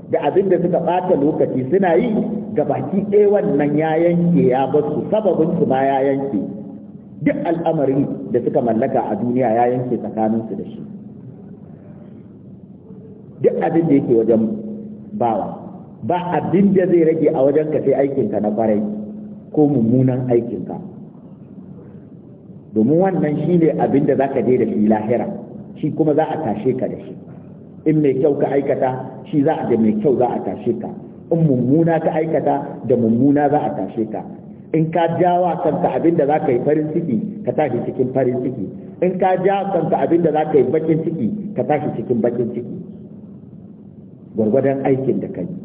da abin da suka ɓata lokaci suna yi ga baki ɗaya wannan ya yanke ya basu sababin su ma ya yanke duk al'amarin da suka mallaka a duniya ya yanke tsakaninsu da shi duk abin da yake wajen bawa ba abin da zai rage a wajen ka sai aikinka na farai ko mummunan aikinka domin wannan shi ne abin da za ka je da shi lahira shi kuma za a tashe ka da shi in mai kyau ka aikata shi za a da mai kyau za a tashe ka in mummuna ka aikata da mummuna za a tashe ka in ka jawa kanka abin da za ka yi farin ciki ka tashi cikin farin ciki in ka ja kanka abin da za ka yi bakin ciki ka tashi cikin bakin ciki gwargwadon aikin da ka yi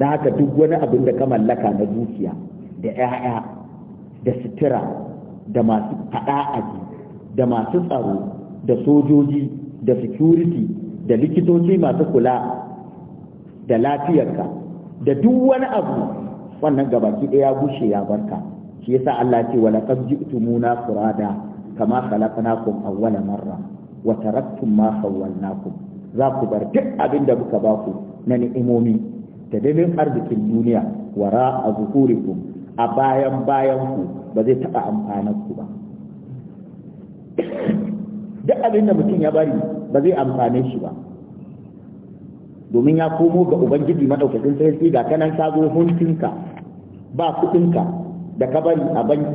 da haka duk wani abin da ka mallaka na dukiya da 'ya'ya da sutura da masu faɗa aji da masu tsaro da sojoji da security da likitoci masu kula da lafiyarka da duk wani abu wannan gabaki ɗaya ya bushe ya barka shi yasa Allah ce wa laqad ji'tumuna furada kama khalaqnakum awwala marra wa taraktum ma khawwalnakum za ku bar duk abin da muka ba ku na ni'imomi da dalilin arzikin duniya wara a zuhurikum a bayan bayan ku ba zai taɓa amfanar ku ba duk abin da mutum ya bari ba zai amfane shi ba domin ya komo ga ubangiji madaukakin sarki ga kanan ka zo huntinka ba kuɗinka da ka bari a banki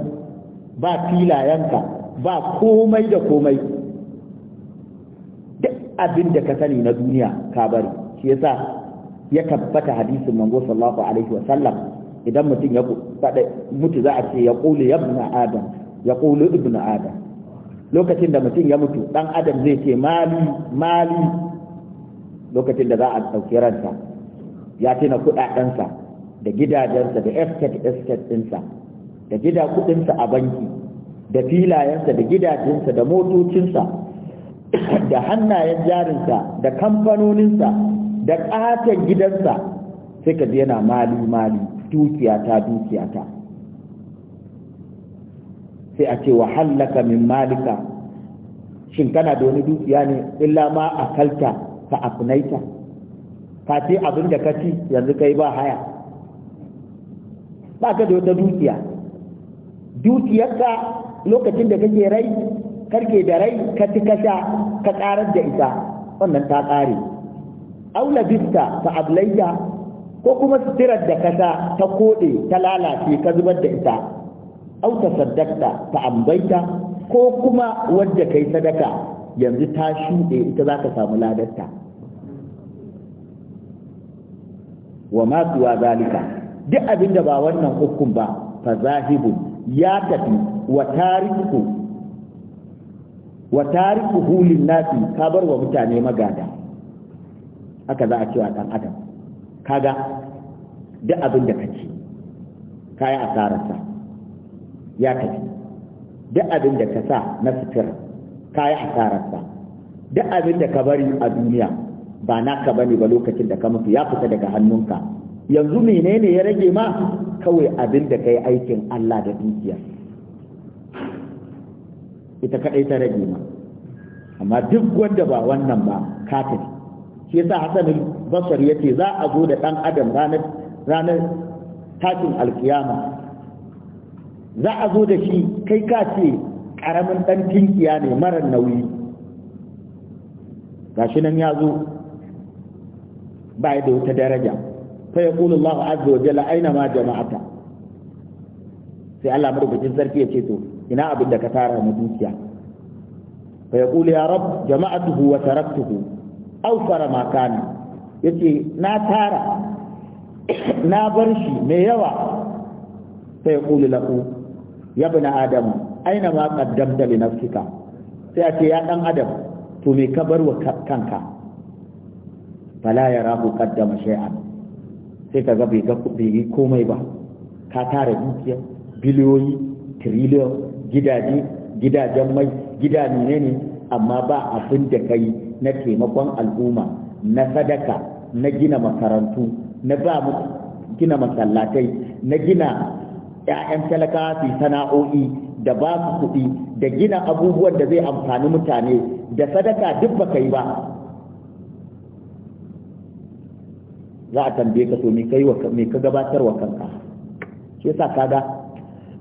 ba filayenka ba komai da komai duk abin da ka sani na duniya ka bari shi yasa ya tabbata hadisin manzo sallallahu alaihi wa sallam idan mutum ya faɗa mutu za a ce ya ƙulu ya ibn adam ya ƙulu ibn adam lokacin da mutum ya mutu dan adam zai ce mali mali lokacin da za a ɗauki ransa ya tuna kuɗaɗensa da gidajensa da estate estate ɗinsa da gida kuɗinsa a banki da filayensa da gidajensa da motocinsa da hannayen jarinsa da kamfanoninsa da ƙaton gidansa sai ka yana mali mali dukiyata dukiyata sai a ce wa hallaka min malika shin kana da wani dukiya ne illa ma a kalta. fa afnaita ka ce abin da ka ci yanzu kai ba haya ba ka da wata dukiya dukiyarka lokacin da kake rai karke da rai ka ci ka ka karar da ita wannan ta kare aula bista fa ablayya ko kuma sitirar da kasa ta koɗe ta lalace ka zubar da ita au ta saddakta ta ambaita ko kuma wadda kai sadaka yanzu ta shuɗe ita za ka samu ladarta wa ma suwa zalika duk abin da ba wannan hukun ba fa zahibu ya tafi wa tariku hulun hulin nasi ka bar wa mutane magada haka za a cewa ɗan adam kaga duk abin da kace a asararsa ya tafi duk abin da ka sa na sutura ka yi hasararsa duk abin da ka bari a duniya ba naka bane ba lokacin da ka mutu ya fita daga hannunka yanzu menene ya rage ma kawai abin da ka yi aikin Allah da dukiya ita kaɗai ta rage ma amma duk wanda ba wannan ba ka shi yasa Hassan Basar yace za a zo da dan adam ranar ranar takin alkiyama za a zo da shi kai ka ce ƙaramin ɗan tinkiya ne mara nauyi gashi nan ya zo ba da wata daraja fa ya kula Allah azza wa jalla aina ma jama'ata sai Allah madaukakin sarki ya ce to ina abin da ka tara mu dukiya fa ya kula ya rab jama'atuhu wa taraktuhu aw fara ma kana yace na tara na bar shi mai yawa fa ya kula lahu ya bani adamu aina ma qaddamta li nafsika sai a ce ya dan adam to me ka bar wa kanka Bala ya rabu qaddama shay'an sai ka ga bai ga komai ba ka tara dukiya biliyoyi trillion gidaje gidajen mai gida ne ne amma ba abin da kai na taimakon al'umma na sadaka na gina makarantu na ba mu gina masallatai na gina ‘ya'yan talakawa su sana'o'i da ba ku kuɗi da gina abubuwan da zai amfani mutane da sadaka duk baka yi ba za a tambaye ka to me ka gabatar kanka shi yasa kaga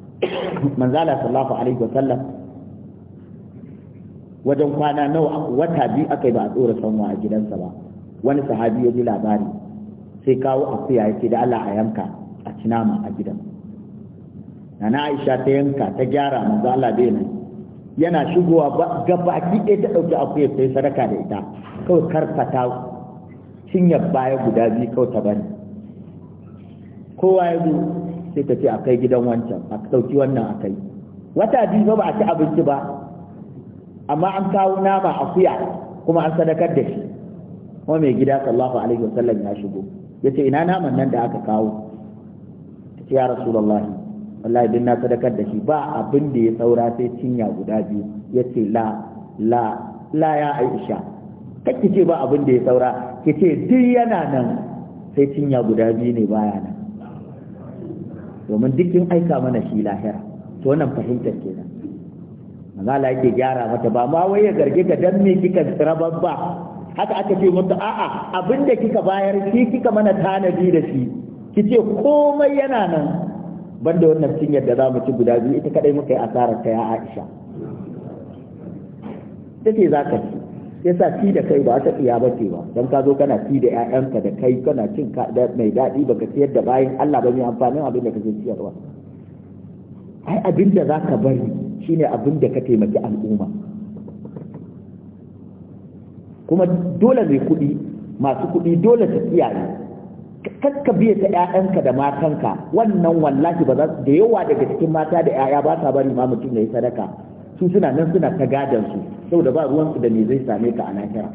manzala sallallahu alaihi wasallam wajen kwana nawa wata biyu aka yi ba a tsora sanwa a gidansa ba wani sahabi ya ji labari sai kawo akuya ya da Allah a yanka a cinama a gidansa na aisha ta yanka ta gyara manzo Allah bai nan yana shigowa baki ɗaya ta ɗauki akuya sai sadaka da ita kawai karfata cinye baya guda biyu kawai ta bani kowa ya zo sai ta ce a kai gidan wancan a ɗauki wannan a kai wata biyu ba a ci abinci ba amma an kawo nama akuya kuma an sadakar da shi kuma mai gida sallallahu alaihi wasallam ya shigo ya ce ina naman nan da aka kawo ta ce ya rasulullahi wallahi din na sadakar da shi ba abin da ya saura sai cinya guda biyu yace la la la ya aisha kake ce ba abin da ya saura kice duk yana nan sai cinya guda biyu ne baya nan domin duk kin aika mana shi lahira to wannan fahimtar kenan la yake gyara mata ba ma wai ya garge ka dan me kika rabar ba haka aka ce mata a'a da kika bayar shi kika mana tanadi da shi kice komai yana nan banda wannan cinyar da za mu ci guda biyu ita kadai muka yi asarar ta ya Aisha take za ka ci yasa ci da kai ba ta tsiya ba ce ba don ka zo kana ci da ƴaƴanka da kai kana cin mai daɗi baka ciyar da bayan Allah ba mai amfanin abin da kake ba. ai abin da za ka bari shine abin da ka taimaki al'umma kuma dole mai kuɗi masu kuɗi dole su kiyaye kakka biya ta ƴaƴanka da matanka wannan wallahi ba za su da yawa daga cikin mata da ƴaƴa ba sa bari ma mutum yayi sadaka su suna nan suna ta gadan su saboda ba ruwan su da me zai same ka a lahira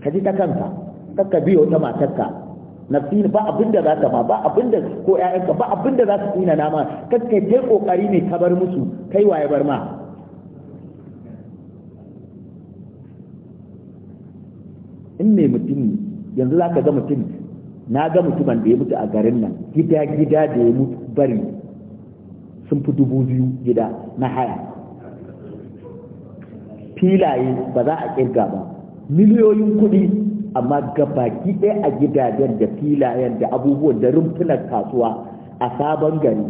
ka ji ta kanka kakka biya wata matarka nafsi ba abin da za ta ma ba abin da ko ƴaƴanka ba abin da za su tsina na ma kakka kai kokari ne ka bar musu kai waye bar ma in ne mutum yanzu za ka ga mutum na ga mutumin da ya mutu a garin nan gida gida da ya mutu bari sun fi dubu biyu gida na haya filaye ba za a kirga ba miliyoyin kuɗi amma gabaki ɗaya a gidajen da filayen da abubuwan da rumfunan kasuwa a sabon gari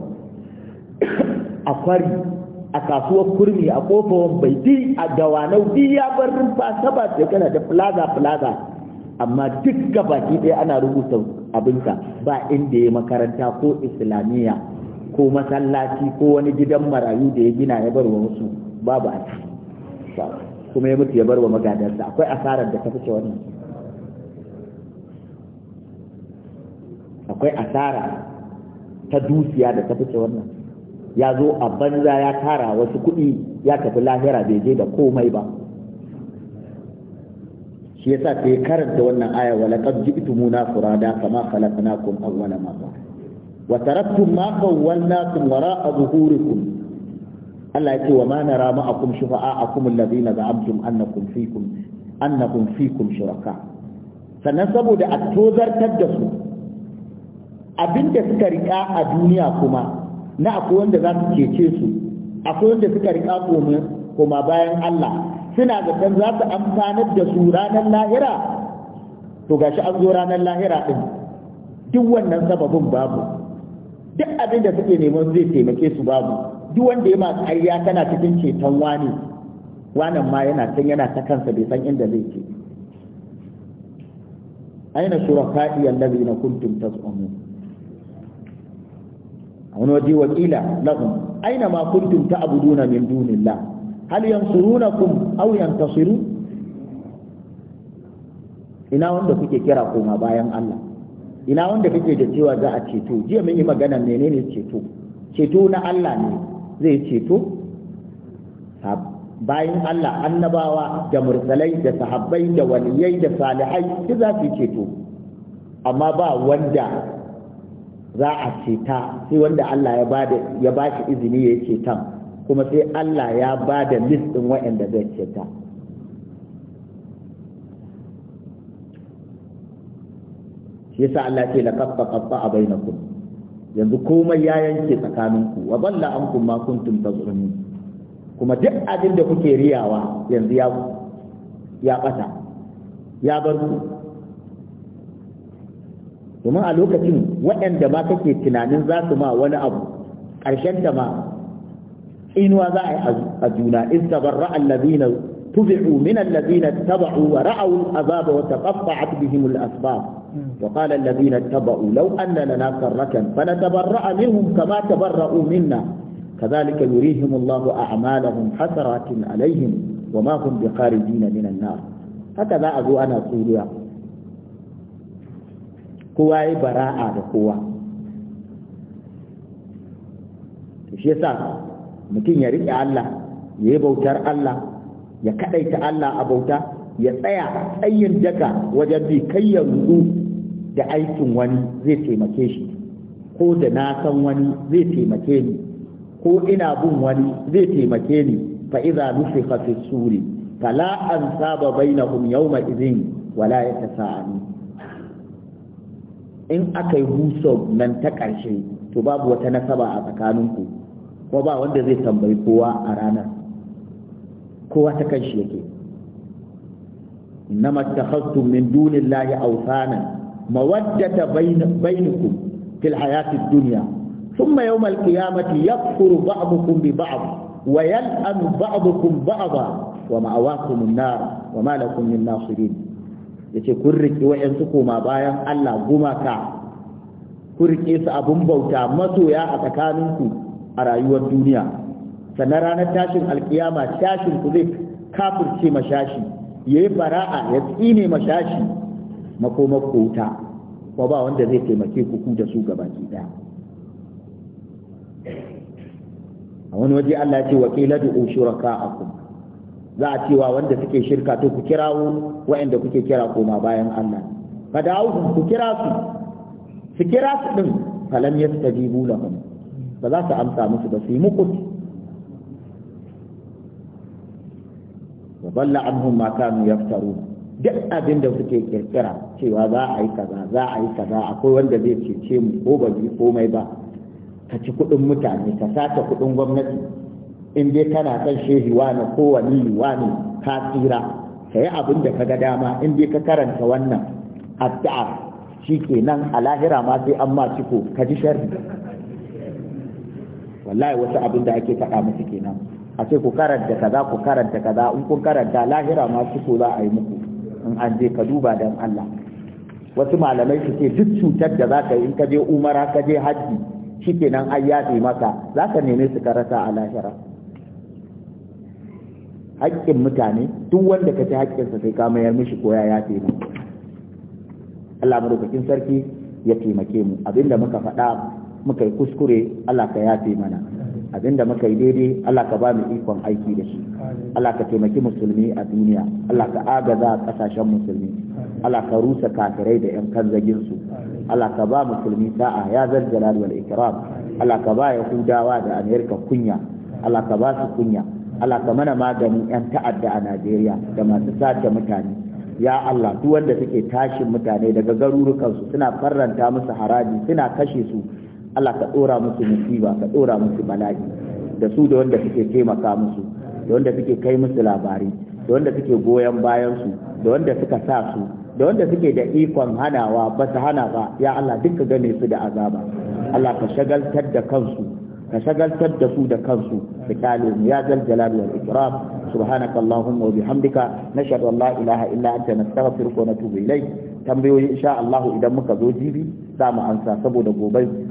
a kwari a kasuwar kurmi a kofar baiti a dawanau ya bar rumfa saba da da plaza plaza amma duk gabaki ɗaya ana rubuta abinsa ba inda ya makaranta ko islamiyya ko masallaci ko wani gidan marayu da ya gina ya barwa wasu babu a kuma ya mutu ya barwa magadarsa akwai asarar da ta fice wannan akwai asara ta dusiya da ta fice wannan ya zo a banza ya tara wasu kuɗi ya tafi lahira bai je da komai ba shi yasa sai karanta wannan aya wa laqad ji'tumuna furada kama khalaqnakum awwala marra wa taraktum ma qawwalnakum wara'a zuhurikum Allah ya yake wa ma nara ma'akum shufa'a'akum alladhina za'amtum annakum fikum annakum fikum shuraka sannan saboda a tozartar da su abinda suka riƙa a duniya kuma na akwai wanda za su cece su akwai wanda suka riƙa kuma bayan Allah suna zaton za su amfanar da su ranar lahira to gashi an zo ranar lahira din duk wannan sababin babu duk abin da suke neman zai taimake su babu duk wanda ya masu ayya tana cikin ceton wani wannan ma yana can yana ta kansa bai san inda zai ce aina shuraka'i allazi na kuntum tas'umu wani waje wakila lahum aina ma kuntum ta'buduna min dunillah hal yansurunakum aw yantasiru ina wanda kuke kira koma bayan Allah ina wanda kake da cewa za a ceto jiya mun yi magana menene ceto ceto na Allah ne zai ceto bayan Allah annabawa da mursalai da sahabbai da waliyai da salihai duk za su ceto amma ba wanda za a ceta sai wanda Allah ya ba shi izini ya yi ceton kuma sai Allah ya ba da listin ɗin waɗanda zai ceta shi yasa Allah ce la qaffa a bainakum yanzu komai ya yanke tsakaninku wa balla ankum ma kuntum tazunun kuma duk abin da kuke riyawa yanzu ya ya bata ya bar ku domin a lokacin waɗanda ma kake tunanin za su ma wani abu ƙarshen ta ma إن وذائح أجونا إذ تبرأ الذين تبعوا من الذين اتبعوا ورأوا الأباب وتقطعت بهم الأسباب وقال الذين اتبعوا لو أن لنا كركا فنتبرأ منهم كما تبرأوا منا كذلك يريهم الله أعمالهم حسرات عليهم وما هم بخارجين من النار هكذا أبو أنا أقول قوى براءة قوى الشيء mutum ya riƙe Allah ya yi bautar Allah ya kaɗaita Allah a bauta ya tsaya tsayin daga wajen bi kai ya rudu da aikin wani zai taimake shi ko da na san wani zai taimake ni ko ina bin wani zai taimake ni fa iza nufiqa fi suri fala ansaba bainahum yawma idhin wala yatasaalu in aka yi nan ta ƙarshe to babu wata nasaba a tsakaninku ko ba wanda zai tambayi kowa a ranar kowa ta kanshi yake innama takhastum min dunillahi awsana mawaddata bainakum fil hayatid dunya thumma yawm alqiyamati yakfuru ba'dukum bi ba'd wa yal'anu ba'dukum ba'da wa ma'awakum an-nar wa ma lakum min nasirin yace kun riki wayansu koma bayan Allah gumaka kun riƙe su abun bauta masoya a tsakaninku a rayuwar duniya sannan ranar tashin alkiyama tashin ku zai kafirce mashashi ya yi fara'a ya tsine mashashi makomar kota ko ba wanda zai taimake ku ku da su ke daya a wani waje Allah ya ce wakila da ushuraka akum za a cewa wanda suke shirka to ku kirawo waɗanda kuke kira koma bayan Allah fa da'uhum ku kira su su kira su din falam yastajibu lahum ba za su amsa musu ba su yi mukut wa balla ma kanu yaftaru duk abin da suke kirkira cewa za a yi kaza za a yi kaza akwai wanda zai cece mu ko ba yi komai ba ka ci kuɗin mutane ka sace kuɗin gwamnati in dai kana kan shehi wani ko wani wani ka tsira ka yi abin da ka ga dama in dai ka karanta wannan addu'a shi kenan a lahira ma sai an ma ciko ka ji sharri wallahi wasu abin da ake faɗa musu kenan a ce ku karanta kaza ku karanta kaza in kun karanta lahira ma su za a yi muku in an je ka duba dan Allah wasu malamai su ce duk cutar da za ka yi in ka je umara ka je hajji shikenan an yafe maka za ka neme su ka rasa a lahira haƙƙin mutane duk wanda ka ci haƙƙinsa sai ka mayar mishi ko ya yafe mu Allah madaukakin sarki ya taimake mu abinda muka faɗa muka yi kuskure Allah ka yafe mana abinda muka yi daidai Allah ka ba mu ikon aiki da shi Allah ka taimaki musulmi a duniya Allah ka agaza kasashen musulmi Allah ka rusa kafirai da yan kanzagin su Allah ka ba musulmi sa'a ya zal jalal wal ikram Allah ka ba yahudawa da amerika kunya Allah ka ba su kunya Allah ka mana maganin yan ta'adda a Najeriya da masu sace mutane ya Allah duk wanda suke tashin mutane daga garurukansu suna farranta musu haraji suna kashe su Allah ka ɗora musu musiba ka ɗora musu bala'i da su da wanda suke taimaka musu da wanda suke kai musu labari da wanda suke goyon bayan su da wanda suka sa su da wanda suke da ikon hanawa ba su hana ba ya Allah duka gane su da azaba Allah ka shagaltar da kansu ka shagaltar da su da kansu da kalin ya zal jalal wal ikram subhanaka allahumma wa bihamdika nashhadu an la ilaha illa anta nastaghfiruka wa natubu ilayk tambayoyi insha Allah idan muka zo jibi za mu ansa saboda gobe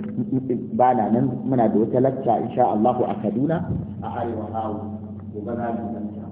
ba na nan muna da wata lacca insha Allahu a Kaduna a Arewa Hawu gobe na